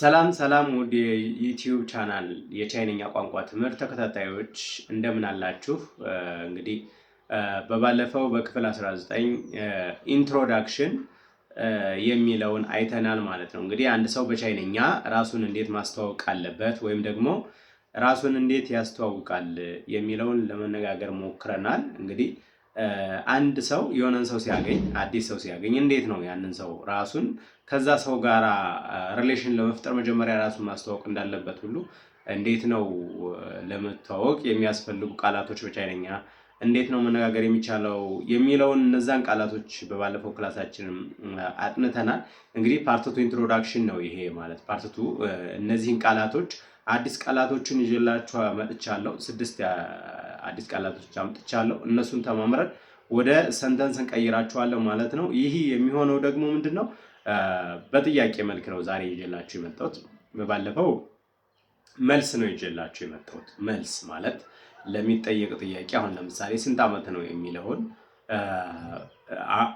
ሰላም ሰላም ውድ የዩቲዩብ ቻናል የቻይንኛ ቋንቋ ትምህርት ተከታታዮች እንደምን አላችሁ? እንግዲህ በባለፈው በክፍል 19 ኢንትሮዳክሽን የሚለውን አይተናል ማለት ነው። እንግዲህ አንድ ሰው በቻይንኛ ራሱን እንዴት ማስተዋወቅ አለበት ወይም ደግሞ ራሱን እንዴት ያስተዋውቃል የሚለውን ለመነጋገር ሞክረናል። እንግዲህ አንድ ሰው የሆነን ሰው ሲያገኝ አዲስ ሰው ሲያገኝ እንዴት ነው ያንን ሰው ራሱን ከዛ ሰው ጋር ሪሌሽን ለመፍጠር መጀመሪያ ራሱን ማስተዋወቅ እንዳለበት ሁሉ እንዴት ነው ለመተዋወቅ የሚያስፈልጉ ቃላቶች በቻይነኛ እንዴት ነው መነጋገር የሚቻለው የሚለውን እነዛን ቃላቶች በባለፈው ክላሳችንም አጥንተናል። እንግዲህ ፓርትቱ ኢንትሮዳክሽን ነው ይሄ ማለት ፓርትቱ እነዚህን ቃላቶች አዲስ ቃላቶችን ይዤላችሁ መጥቻለሁ። ስድስት አዲስ ቃላቶች አምጥቻለሁ። እነሱን ተማምረን ወደ ሰንተንስ እንቀይራችኋለሁ ማለት ነው። ይህ የሚሆነው ደግሞ ምንድን ነው? በጥያቄ መልክ ነው ዛሬ ይዤላችሁ የመጣሁት። ባለፈው መልስ ነው ይዤላችሁ የመጣሁት። መልስ ማለት ለሚጠየቅ ጥያቄ አሁን ለምሳሌ ስንት ዓመት ነው የሚለውን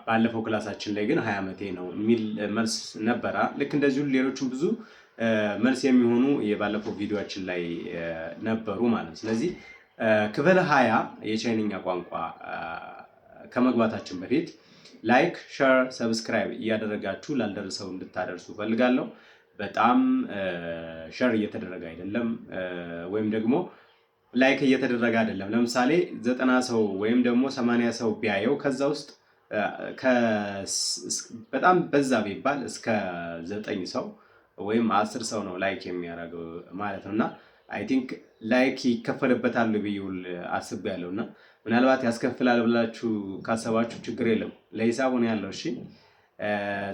ባለፈው ክላሳችን ላይ ግን ሀያ ዓመቴ ነው የሚል መልስ ነበረ። ልክ እንደዚሁ ሌሎችም ብዙ መልስ የሚሆኑ የባለፈው ቪዲዮችን ላይ ነበሩ ማለት ነው። ስለዚህ ክፍል ሀያ የቻይንኛ ቋንቋ ከመግባታችን በፊት ላይክ፣ ሸር፣ ሰብስክራይብ እያደረጋችሁ ላልደረሰው እንድታደርሱ ፈልጋለሁ። በጣም ሸር እየተደረገ አይደለም ወይም ደግሞ ላይክ እየተደረገ አይደለም። ለምሳሌ ዘጠና ሰው ወይም ደግሞ ሰማንያ ሰው ቢያየው ከዛ ውስጥ በጣም በዛ ቢባል እስከ ዘጠኝ ሰው ወይም አስር ሰው ነው ላይክ የሚያደርገው ማለት ነው እና አይ ቲንክ ላይክ ይከፈልበታል ብዬ ያለው እና ምናልባት ያስከፍላል ብላችሁ ካሰባችሁ ችግር የለም ለሂሳቡ ነው ያለው። እሺ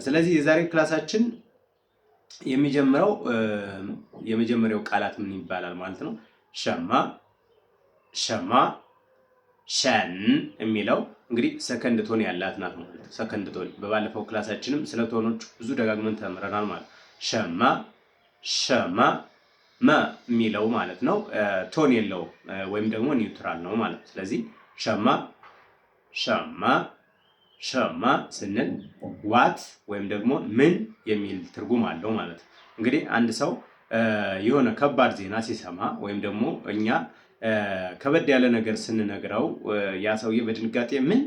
ስለዚህ የዛሬ ክላሳችን የሚጀምረው የመጀመሪያው ቃላት ምን ይባላል ማለት ነው። ሸማ ሸማ ሸን የሚለው እንግዲህ ሰከንድ ቶን ያላት ናት ማለት ሰከንድ ቶን በባለፈው ክላሳችንም ስለ ቶኖች ብዙ ደጋግመን ተምረናል ማለት ሸማ ሸማ መ የሚለው ማለት ነው ቶን የለው ወይም ደግሞ ኒውትራል ነው ማለት ነው። ስለዚህ ሸማ ሸማ ሸማ ስንል ዋት ወይም ደግሞ ምን የሚል ትርጉም አለው ማለት ነው። እንግዲህ አንድ ሰው የሆነ ከባድ ዜና ሲሰማ ወይም ደግሞ እኛ ከበድ ያለ ነገር ስንነግረው ያ ሰውዬ በድንጋጤ ምን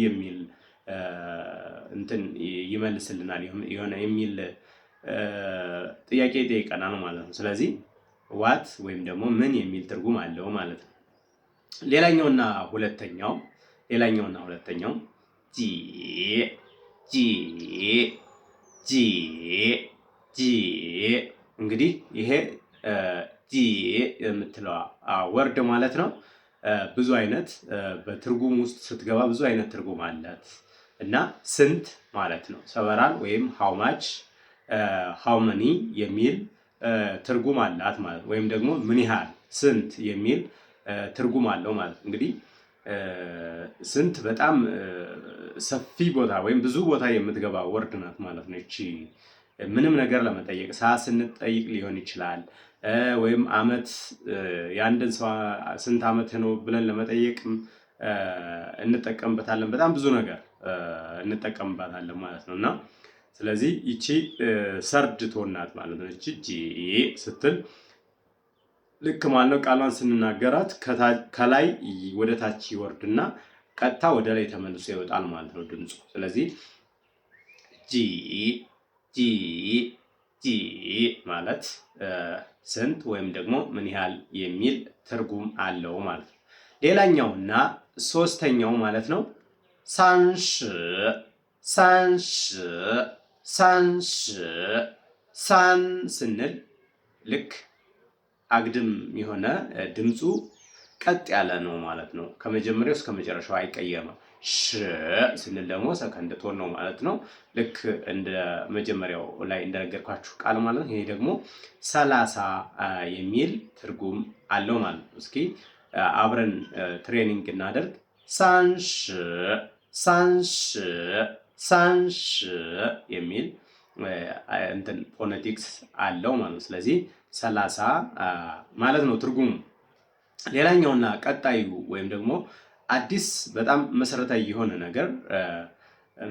የሚል እንትን ይመልስልናል የሆነ የሚል ጥያቄ ይጠይቀናል ማለት ነው። ስለዚህ ዋት ወይም ደግሞ ምን የሚል ትርጉም አለው ማለት ነው። ሌላኛውና ሁለተኛው ሌላኛውና ሁለተኛው ጂ ጂ ጂ ጂ እንግዲህ ይሄ ጂ የምትለዋ ወርድ ማለት ነው ብዙ አይነት በትርጉም ውስጥ ስትገባ ብዙ አይነት ትርጉም አላት። እና ስንት ማለት ነው። ሰቨራል ወይም ሃውማች ሃውመኒ የሚል ትርጉም አላት ማለት ወይም ደግሞ ምን ያህል ስንት የሚል ትርጉም አለው ማለት እንግዲህ ስንት በጣም ሰፊ ቦታ ወይም ብዙ ቦታ የምትገባ ወርድ ናት ማለት ነው። እቺ ምንም ነገር ለመጠየቅ ሰዓት ስንጠይቅ ሊሆን ይችላል ወይም አመት የአንድን ሰው ስንት አመት ነው ብለን ለመጠየቅ እንጠቀምበታለን። በጣም ብዙ ነገር እንጠቀምባታለን ማለት ነው እና ስለዚህ ይቺ ሰርድ ቶናት ማለት ነው። ይቺ ጂ ስትል ልክ ማለት ነው ቃሏን ስንናገራት ከላይ ወደ ታች ይወርድና ቀጥታ ወደ ላይ ተመልሶ ይወጣል ማለት ነው ድምፁ። ስለዚህ ጂ ጂ ጂ ማለት ስንት ወይም ደግሞ ምን ያህል የሚል ትርጉም አለው ማለት ነው። ሌላኛውና ሶስተኛው ማለት ነው 三十，三十，三十 ሳን ልክ አግድም የሆነ ድምፁ ቀጥ ያለ ነው ማለት ነው። ከመጀመሪያው እስከ መጨረሻው አይቀየምም። ሽ ስንል ደግሞ ሰከንድ ቶን ነው ማለት ነው። ልክ እንደ መጀመሪያው ላይ እንደነገርኳችሁ ቃል ማለት ነው። ይሄ ደግሞ ሰላሳ የሚል ትርጉም አለው ማለት ነው። እስኪ አብረን ትሬኒንግ እናደርግ ሳንሽ ሳንሽ ሳንሽ የሚል እንትን ፎነቲክስ አለው ማለት ነው። ስለዚህ ሰላሳ ማለት ነው ትርጉሙ። ሌላኛውና ቀጣዩ ወይም ደግሞ አዲስ በጣም መሰረታዊ የሆነ ነገር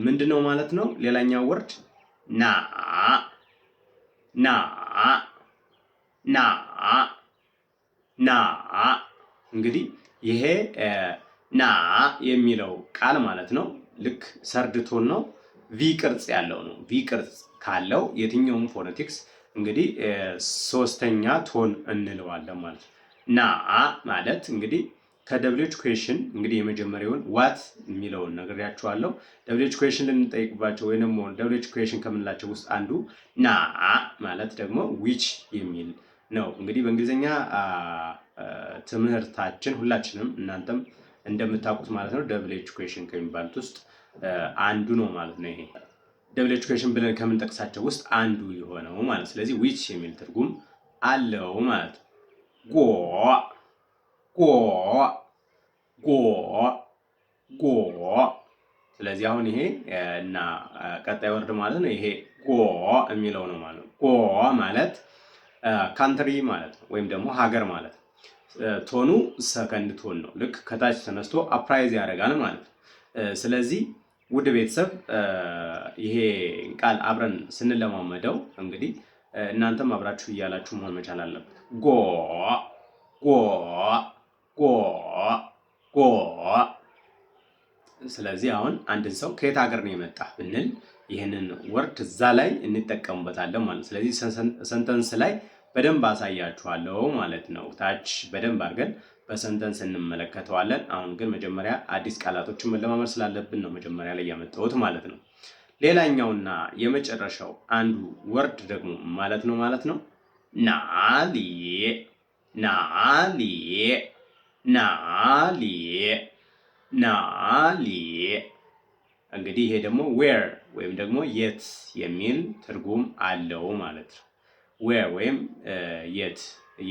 ምንድን ነው ማለት ነው? ሌላኛው ወርድ ና ና ና ና እንግዲህ ይሄ ና የሚለው ቃል ማለት ነው ልክ ሰርድቶን ነው። ቪ ቅርጽ ያለው ነው። ቪ ቅርጽ ካለው የትኛውም ፎነቲክስ እንግዲህ ሶስተኛ ቶን እንለዋለን ማለት ነው። ና ማለት እንግዲህ ከደብሊች ኩዌሽን እንግዲህ የመጀመሪያውን ዋት የሚለውን ነግሬያችኋለሁ። ደብሊች ኩዌሽን ልንጠይቅባቸው ወይም ደግሞ ደብሊች ኩዌሽን ከምንላቸው ውስጥ አንዱ ና ማለት ደግሞ ዊች የሚል ነው። እንግዲህ በእንግሊዝኛ ትምህርታችን ሁላችንም እናንተም እንደምታውቁት ማለት ነው ደብል ኤጁኬሽን ከሚባሉት ውስጥ አንዱ ነው ማለት ነው። ይሄ ደብል ኤጁኬሽን ብለን ከምንጠቅሳቸው ውስጥ አንዱ የሆነው ማለት ስለዚህ ዊች የሚል ትርጉም አለው ማለት ጎ ጎ ጎ ጎ ስለዚህ አሁን ይሄ እና ቀጣይ ወርድ ማለት ነው ይሄ ጎ የሚለው ነው ማለት ነው። ጎ ማለት ካንትሪ ማለት ነው ወይም ደግሞ ሀገር ማለት ነው። ቶኑ ሰከንድ ቶን ነው። ልክ ከታች ተነስቶ አፕራይዝ ያደርጋል ማለት ነው። ስለዚህ ውድ ቤተሰብ ይሄ ቃል አብረን ስንለማመደው እንግዲህ እናንተም አብራችሁ እያላችሁ መሆን መቻል አለበት። ጎ ጎ ጎ ጎ። ስለዚህ አሁን አንድን ሰው ከየት ሀገር ነው የመጣ ብንል ይህንን ወርድ እዛ ላይ እንጠቀምበታለን ማለት ስለዚህ ሰንተንስ ላይ በደንብ አሳያችኋለሁ ማለት ነው። ታች በደንብ አድርገን በሰንተንስ እንመለከተዋለን። አሁን ግን መጀመሪያ አዲስ ቃላቶችን መለማመድ ስላለብን ነው መጀመሪያ ላይ ያመጣሁት ማለት ነው። ሌላኛውና የመጨረሻው አንዱ ወርድ ደግሞ ማለት ነው ማለት ነው ናሊዬ ናሊዬ ናሊዬ ናሊዬ እንግዲህ ይሄ ደግሞ ዌር ወይም ደግሞ የት የሚል ትርጉም አለው ማለት ነው። ዌር ወይም የት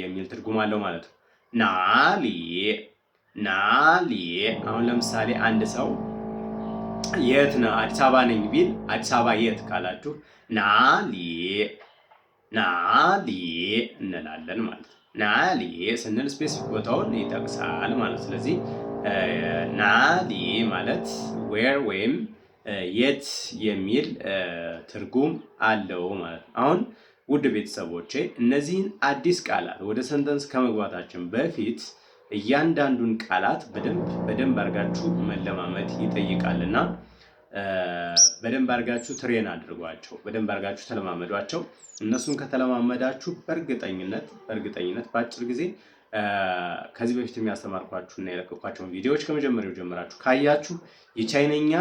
የሚል ትርጉም አለው ማለት ነው። ናሊዬ ናሊዬ። አሁን ለምሳሌ አንድ ሰው የት ነው አዲስ አበባ ነኝ ቢል አዲስ አበባ የት ካላችሁ ናሊዬ ናሊዬ እንላለን ማለት ነው። ናሊዬ ስንል ስፔሲፊክ ቦታውን ይጠቅሳል ማለት ስለዚህ ናሊዬ ማለት ዌር ወይም የት የሚል ትርጉም አለው ማለት ነው። አሁን ውድ ቤተሰቦቼ እነዚህን አዲስ ቃላት ወደ ሰንተንስ ከመግባታችን በፊት እያንዳንዱን ቃላት በደንብ በደንብ አድርጋችሁ መለማመድ ይጠይቃልና በደንብ አድርጋችሁ ትሬን አድርጓቸው፣ በደንብ አድርጋችሁ ተለማመዷቸው። እነሱን ከተለማመዳችሁ በእርግጠኝነት በእርግጠኝነት በአጭር ጊዜ ከዚህ በፊት የሚያስተማርኳችሁና የለቀኳቸውን ቪዲዮዎች ከመጀመሪያው ጀምራችሁ ካያችሁ የቻይነኛ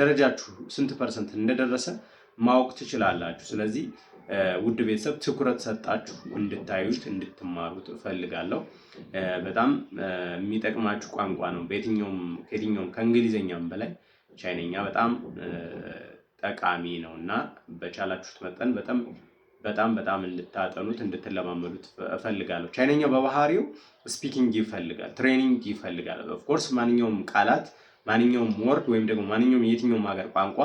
ደረጃችሁ ስንት ፐርሰንት እንደደረሰ ማወቅ ትችላላችሁ። ስለዚህ ውድ ቤተሰብ ትኩረት ሰጣችሁ እንድታዩት እንድትማሩት እፈልጋለሁ። በጣም የሚጠቅማችሁ ቋንቋ ነው። በየትኛውም ከየትኛውም ከእንግሊዝኛም በላይ ቻይነኛ በጣም ጠቃሚ ነው እና በቻላችሁት መጠን በጣም በጣም በጣም እንድታጠኑት እንድትለማመዱት እፈልጋለሁ። ቻይነኛ በባህሪው ስፒኪንግ ይፈልጋል፣ ትሬኒንግ ይፈልጋል። ኦፍኮርስ ማንኛውም ቃላት ማንኛውም ወርድ ወይም ደግሞ ማንኛውም የትኛውም ሀገር ቋንቋ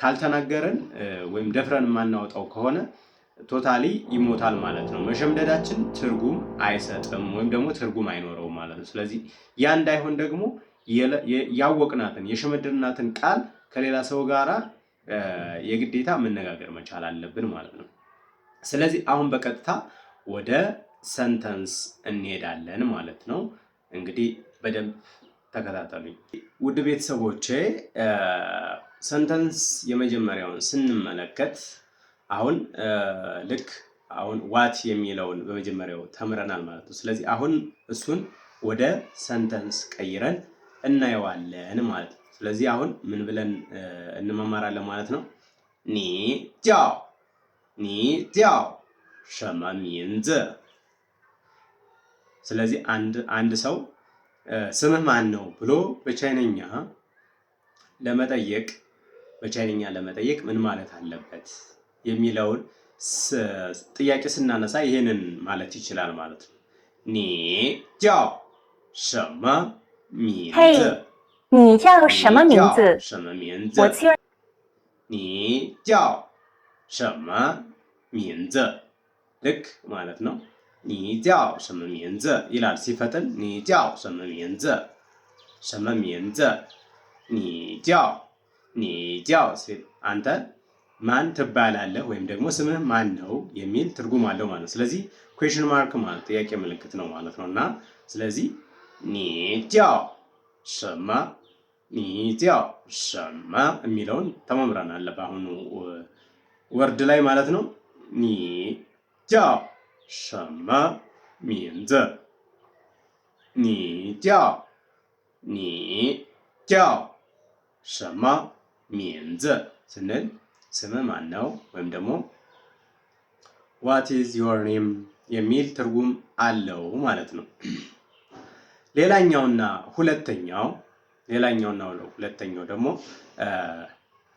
ካልተናገረን ወይም ደፍረን የማናወጣው ከሆነ ቶታሊ ይሞታል ማለት ነው። መሸምደዳችን ትርጉም አይሰጥም ወይም ደግሞ ትርጉም አይኖረውም ማለት ነው። ስለዚህ ያ እንዳይሆን ደግሞ ያወቅናትን የሸመደድናትን ቃል ከሌላ ሰው ጋራ የግዴታ መነጋገር መቻል አለብን ማለት ነው። ስለዚህ አሁን በቀጥታ ወደ ሰንተንስ እንሄዳለን ማለት ነው። እንግዲህ በደንብ ተከታተሉኝ ውድ ቤተሰቦቼ። ሰንተንስ የመጀመሪያውን ስንመለከት አሁን ልክ አሁን ዋት የሚለውን በመጀመሪያው ተምረናል ማለት ነው። ስለዚህ አሁን እሱን ወደ ሰንተንስ ቀይረን እናየዋለን ማለት ነው። ስለዚህ አሁን ምን ብለን እንመማራለን ማለት ነው። ኒ ጃው ኒ ጃው ሸመ ስለዚህ አንድ ሰው ስምህ ማን ነው ብሎ በቻይነኛ ለመጠየቅ በቻይንኛ ለመጠየቅ ምን ማለት አለበት የሚለውን ጥያቄ ስናነሳ ይህንን ማለት ይችላል ማለት ነው። ኒ ጃው ሸመ ሚንዝ ሸመ ሚንዝ ልክ ማለት ነው። ኒ ጃው ሸመ ሚንዝ ይላል ሲፈጥን ኒ ጃው ሸመ ሚንዝ ሸመ ሚንዝ ኒ ጃው ኒጃው ሲል አንተ ማን ትባላለህ ወይም ደግሞ ስምህ ማን ነው የሚል ትርጉም አለው ማለት ነው። ስለዚህ ኩዌሽን ማርክ ማለት ጥያቄ ምልክት ነው ማለት ነው እና ስለዚህ ኒጃው ሰማ ኒጃው ሰማ የሚለውን አለ በአሁኑ ወርድ ላይ ማለት ነው። ኒጃው ሰማ ሚንዘ ኒጃው ኒጃው ሰማ ሚንዘ ስንል ስም ማን ነው ወይም ደግሞ ዋት ኢዝ ዮር ኔም የሚል ትርጉም አለው ማለት ነው። ሌላኛውና ሁለተኛው ሌላኛውና ሁለተኛው ደግሞ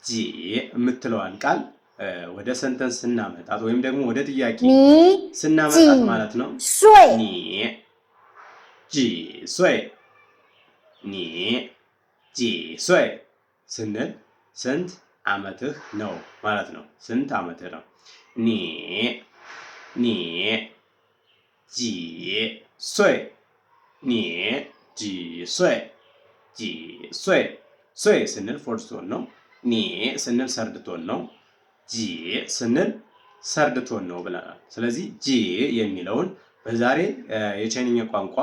ጂ የምትለዋን ቃል ወደ ሰንተንስ ስናመጣት ወይም ደግሞ ወደ ጥያቄ ስናመጣት ማለት ነው ኒ ጂ ሶይ ኒ ጂ ሶይ ስንል ስንት ዓመትህ ነው ማለት ነው። ስንት ዓመትህ ነው? ኒ ኒ ጂ ሶይ ኒ ጂ ሶይ ጂ ሶይ ሶይ ስንል ፎርስ ቶን ነው። ኒ ስንል ሰርድ ቶን ነው። ጂ ስንል ሰርድ ቶን ነው ብለናል። ስለዚህ ጂ የሚለውን በዛሬ የቻይንኛ ቋንቋ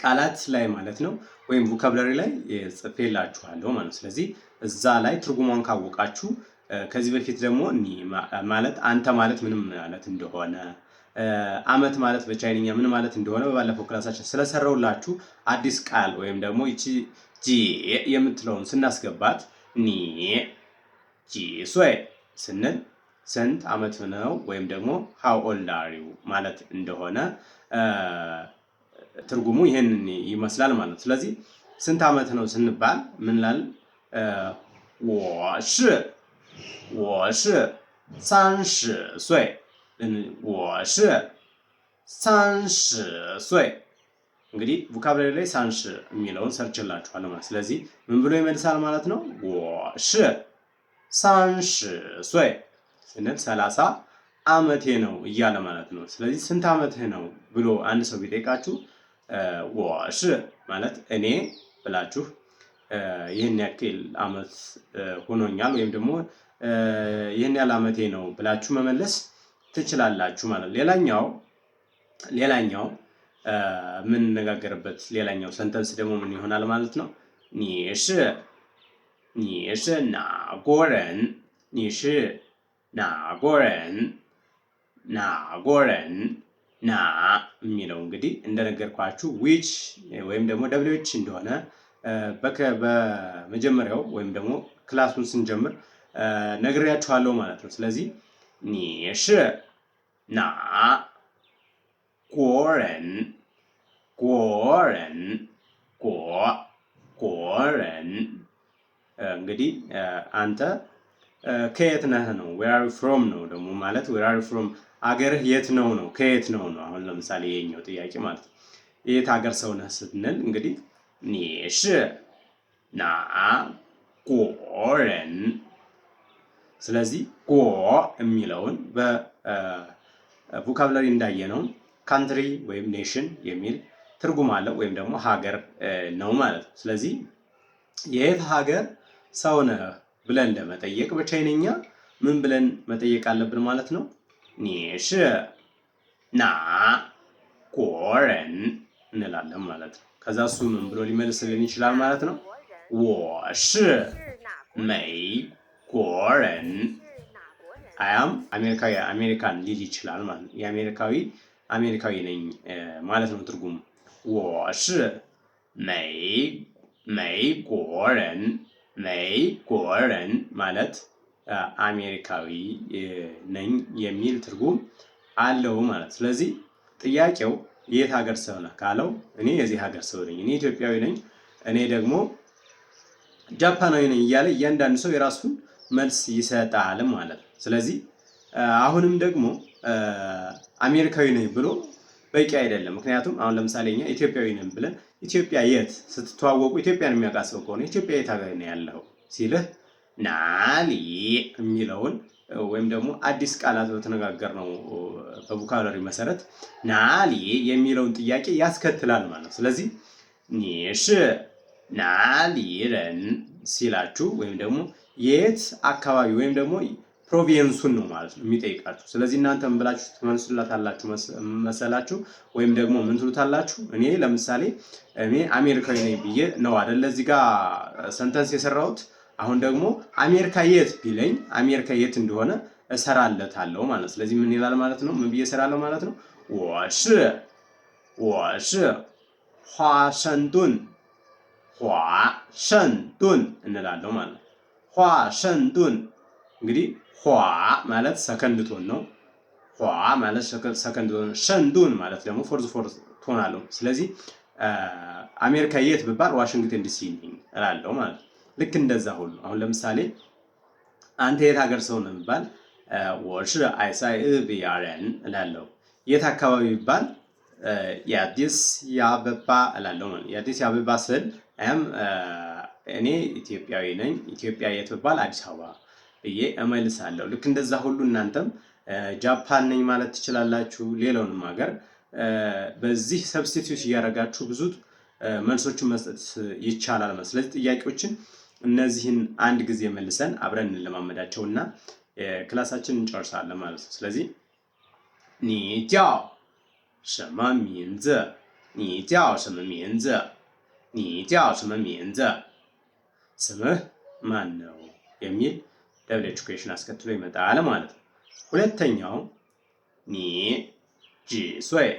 ቃላት ላይ ማለት ነው ወይም ቮካብላሪ ላይ ጽፌላችኋለሁ ማለት ነው። ስለዚህ እዛ ላይ ትርጉሟን ካወቃችሁ ከዚህ በፊት ደግሞ ማለት አንተ ማለት ምንም ማለት እንደሆነ አመት ማለት በቻይንኛ ምን ማለት እንደሆነ በባለፈው ክላሳችን ስለሰራውላችሁ አዲስ ቃል ወይም ደግሞ ይቺ ጂ የምትለውን ስናስገባት ኒ ጂ ሶይ ስንል ስንት አመት ነው ወይም ደግሞ ሃው ኦልድ አር ዩ ማለት እንደሆነ ትርጉሙ ይህንን ይመስላል ማለት። ስለዚህ ስንት አመት ነው ስንባል ምንላል 呃，我是我是三十岁，嗯，我是三十岁። እንግዲህ ቮካብላሪ ላይ ሳንሽ የሚለውን ሰርች ላችኋለሁ ማለት ስለዚህ ምን ብሎ ይመልሳል ማለት ነው። ወሽ ሳንሽ ሶይ ስንል ሰላሳ አመቴ ነው እያለ ማለት ነው። ስለዚህ ስንት አመትህ ነው ብሎ አንድ ሰው ቢጠይቃችሁ ወሽ ማለት እኔ ብላችሁ ይህን ያክል አመት ሆኖኛል ወይም ደግሞ ይህን ያህል አመቴ ነው ብላችሁ መመለስ ትችላላችሁ ማለት ሌላኛው ሌላኛው የምንነጋገርበት ሌላኛው ሰንተንስ ደግሞ ምን ይሆናል ማለት ነው። ኒሽ ኒሽ ናጎረን ኒሽ ናጎረን ናጎረን ና የሚለው እንግዲህ እንደነገርኳችሁ ዊች ወይም ደግሞ ደብሊዎች እንደሆነ በመጀመሪያው ወይም ደግሞ ክላሱን ስንጀምር ነግሬያችኋለሁ ማለት ነው። ስለዚህ ኒሽ ና ጎረን ጎረን ጎ ጎረን እንግዲህ አንተ ከየት ነህ ነው። ዌር አር ዩ ፍሮም ነው ደግሞ ማለት ዌር አር ዩ ፍሮም አገርህ የት ነው ነው ከየት ነው ነው። አሁን ለምሳሌ የኛው ጥያቄ ማለት ነው የት ሀገር ሰው ነህ ስንል እንግዲህ 你是哪国人？ስለዚህ ጎ የሚለውን በቮካብላሪ እንዳየነው ካንትሪ ወይም ኔሽን የሚል ትርጉም አለው ወይም ደግሞ ሀገር ነው ማለት ነው። ስለዚህ የየት ሀገር ሰው ነህ ብለን ለመጠየቅ በቻይነኛ ምን ብለን መጠየቅ አለብን ማለት ነው? ኒሽ ና ጎረን እንላለን ማለት ነው። ከዛ እሱ ምን ብሎ ሊመልስልን ይችላል ማለት ነው። ወሽ መይ ጎረን አያም አሜሪካዊ አሜሪካን ሊል ይችላል ማለት ነው። የአሜሪካዊ አሜሪካዊ ነኝ ማለት ነው ትርጉሙ። ወሽ መይ መይ ጎረን መይ ጎረን ማለት አሜሪካዊ ነኝ የሚል ትርጉም አለው ማለት ስለዚህ ጥያቄው የት ሀገር ሰው ነህ ካለው እኔ የዚህ ሀገር ሰው ነኝ፣ እኔ ኢትዮጵያዊ ነኝ፣ እኔ ደግሞ ጃፓናዊ ነኝ እያለ እያንዳንዱ ሰው የራሱን መልስ ይሰጣል ማለት ነው። ስለዚህ አሁንም ደግሞ አሜሪካዊ ነኝ ብሎ በቂ አይደለም። ምክንያቱም አሁን ለምሳሌ እኛ ኢትዮጵያዊ ነን ብለን ኢትዮጵያ የት ስትተዋወቁ ኢትዮጵያን የሚያውቃ ሰው ከሆነ ኢትዮጵያ የት ሀገር ነው ያለው ሲልህ ናሊ የሚለውን ወይም ደግሞ አዲስ ቃላት በተነጋገር ነው በቮካብለሪ መሰረት ናሊ የሚለውን ጥያቄ ያስከትላል ማለት ነው። ስለዚህ ኒሽ ናሊ ረን ሲላችሁ ወይም ደግሞ የት አካባቢ ወይም ደግሞ ፕሮቪንሱን ነው ማለት ነው የሚጠይቃችሁ። ስለዚህ እናንተ ምን ብላችሁ ትመልሱላታላችሁ መሰላችሁ? ወይም ደግሞ ምን ትሉታላችሁ? እኔ ለምሳሌ እኔ አሜሪካዊ ነኝ ብዬ ነው አደለ እዚህ ጋር ሰንተንስ የሰራሁት አሁን ደግሞ አሜሪካ የት ቢለኝ አሜሪካ የት እንደሆነ እሰራለታለሁ ማለት። ስለዚህ ምን ይላል ማለት ነው? ምን ብዬ እሰራለሁ ማለት ነው? ዋሽ ዋሽ ኋሸንዱን ሸንዱን እንላለሁ ማለት ነው። ሸንዱን እንግዲህ ዋ ማለት ሰከንድ ቶን ነው። ዋ ማለት ሰከንድ ቶን፣ ሸንዱን ማለት ደግሞ ፎርዝ ፎርዝ ቶን አለው። ስለዚህ አሜሪካ የት ብባል ዋሽንግተን ዲሲ እላለሁ ማለት ነው። ልክ እንደዛ ሁሉ አሁን ለምሳሌ አንተ የት ሀገር ሰው ነው የሚባል ወሽ አይሳይ ቢያረን እላለሁ። የት አካባቢ ይባል የአዲስ የአበባ እላለው። የአዲስ የአበባ ስል ም እኔ ኢትዮጵያዊ ነኝ። ኢትዮጵያ የት ብባል አዲስ አበባ ብዬ እመልሳለሁ። ልክ እንደዛ ሁሉ እናንተም ጃፓን ነኝ ማለት ትችላላችሁ። ሌላውንም ሀገር በዚህ ሰብስቲቲዩት እያደረጋችሁ ብዙ መልሶችን መስጠት ይቻላል። ስለዚህ ጥያቄዎችን እነዚህን አንድ ጊዜ መልሰን አብረን እንለማመዳቸው እና ክላሳችን እንጨርሳለን ማለት ነው። ስለዚህ ኒ ጃው ሸመ ሚንዘ፣ ኒ ጃው ሸመ ሚንዘ፣ ኒ ጃው ሸመ ሚንዘ፣ ስምህ ማን ነው የሚል ደብል ኤጁኬሽን አስከትሎ ይመጣል ማለት ነው። ሁለተኛው ኒ ጂሶይ፣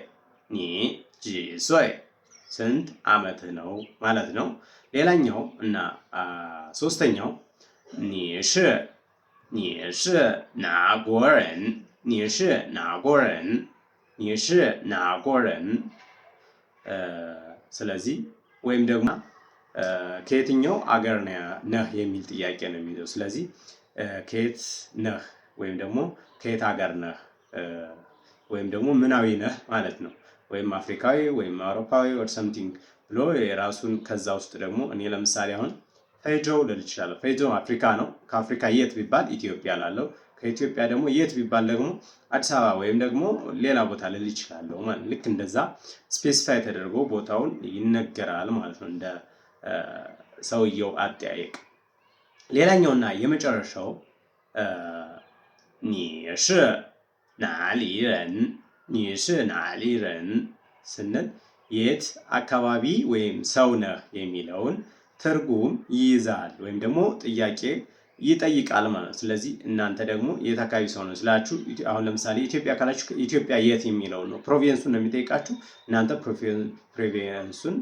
ኒ ጂሶይ፣ ስንት ዓመትህ ነው ማለት ነው። ሌላኛው እና ሶስተኛው ኒሽ ኒሽ ናጎረን ኒሽ ናጎረን ኒሽ ናጎረን። ስለዚህ ወይም ደግሞ ከየትኛው አገር ነህ የሚል ጥያቄ ነው የሚይዘው ስለዚህ ከየት ነህ ወይም ደግሞ ከየት ሀገር ነህ ወይም ደግሞ ምናዊ ነህ ማለት ነው። ወይም አፍሪካዊ ወይም አውሮፓዊ ኦር ሰምቲንግ ብሎ የራሱን ከዛ ውስጥ ደግሞ እኔ ለምሳሌ አሁን ፌጆ ልል እችላለሁ። ፌጆ አፍሪካ ነው። ከአፍሪካ የት ቢባል ኢትዮጵያ ላለው ከኢትዮጵያ ደግሞ የት ቢባል ደግሞ አዲስ አበባ ወይም ደግሞ ሌላ ቦታ ልል ይችላለሁ ማለት ልክ እንደዛ ስፔሲፋይ ተደርጎ ቦታውን ይነገራል ማለት ነው እንደ ሰውየው አጠያየቅ። ሌላኛውና የመጨረሻው ኒሽ ናሊ ረን ኒሽ ናሊ ረን ስንል የት አካባቢ ወይም ሰው ነህ የሚለውን ትርጉም ይይዛል ወይም ደግሞ ጥያቄ ይጠይቃል ማለት ስለዚህ እናንተ ደግሞ የት አካባቢ ሰው ነው ስላችሁ፣ አሁን ለምሳሌ ኢትዮጵያ ካላችሁ ኢትዮጵያ የት የሚለውን ነው ፕሮቪንሱን ነው የሚጠይቃችሁ። እናንተ ፕሮቪንሱን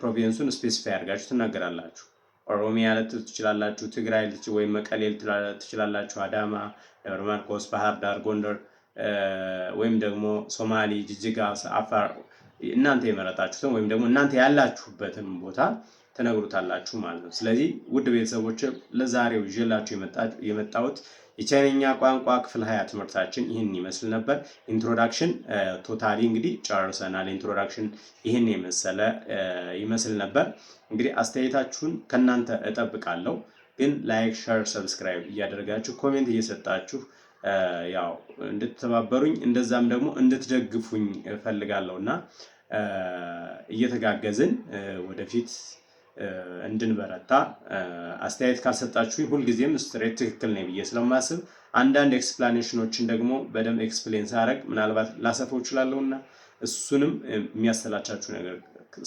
ፕሮቪንሱን ስፔሲፋይ አድርጋችሁ ትናገራላችሁ። ኦሮሚያ ልትል ትችላላችሁ፣ ትግራይ ወይም መቀሌ ትችላላችሁ፣ አዳማ፣ ደብረ ማርቆስ፣ ባህር ዳር፣ ጎንደር ወይም ደግሞ ሶማሊ፣ ጅጅጋ፣ አፋር እናንተ የመረጣችሁትን ወይም ደግሞ እናንተ ያላችሁበትን ቦታ ትነግሩታላችሁ ማለት ነው። ስለዚህ ውድ ቤተሰቦች ለዛሬው ይዤላችሁ የመጣሁት የቻይነኛ ቋንቋ ክፍል ሀያ ትምህርታችን ይህን ይመስል ነበር። ኢንትሮዳክሽን ቶታሊ እንግዲህ ጨርሰናል። ኢንትሮዳክሽን ይህን የመሰለ ይመስል ነበር። እንግዲህ አስተያየታችሁን ከእናንተ እጠብቃለሁ። ግን ላይክ፣ ሸር፣ ሰብስክራይብ እያደረጋችሁ ኮሜንት እየሰጣችሁ ያው እንድትተባበሩኝ እንደዛም ደግሞ እንድትደግፉኝ እፈልጋለሁ እና እየተጋገዝን ወደፊት እንድንበረታ አስተያየት ካልሰጣችሁኝ ሁልጊዜም ስትሬት ትክክል ነኝ ብዬ ስለማስብ አንዳንድ ኤክስፕላኔሽኖችን ደግሞ በደንብ ኤክስፕሌን ሳረግ ምናልባት ላሰፈው እና እሱንም የሚያሰላቻችሁ ነገር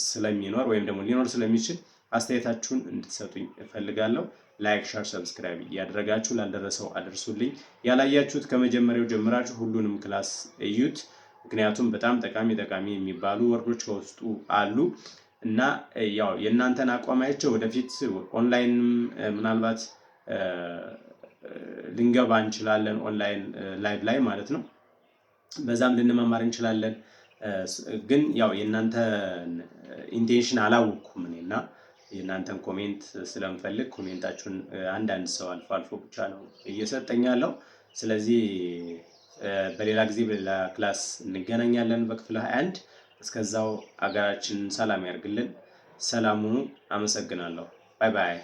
ስለሚኖር ወይም ደግሞ ሊኖር ስለሚችል አስተያየታችሁን እንድትሰጡኝ እፈልጋለሁ። ላይክ፣ ሸር፣ ሰብስክራይብ እያደረጋችሁ ላልደረሰው አድርሱልኝ። ያላያችሁት ከመጀመሪያው ጀምራችሁ ሁሉንም ክላስ እዩት። ምክንያቱም በጣም ጠቃሚ ጠቃሚ የሚባሉ ወርዶች ከውስጡ አሉ እና ያው የእናንተን አቋማያቸው ወደፊት ኦንላይን ምናልባት ልንገባ እንችላለን። ኦንላይን ላይቭ ላይ ማለት ነው። በዛም ልንመማር እንችላለን። ግን ያው የእናንተ ኢንቴንሽን አላወቅኩም እኔ እና የእናንተን ኮሜንት ስለምፈልግ ኮሜንታችሁን አንዳንድ ሰው አልፎ አልፎ ብቻ ነው እየሰጠኝ ስለዚህ በሌላ ጊዜ በሌላ ክላስ እንገናኛለን በክፍል 21። እስከዛው አገራችንን ሰላም ያርግልን። ሰላሙኑ አመሰግናለሁ። ባይ ባይ።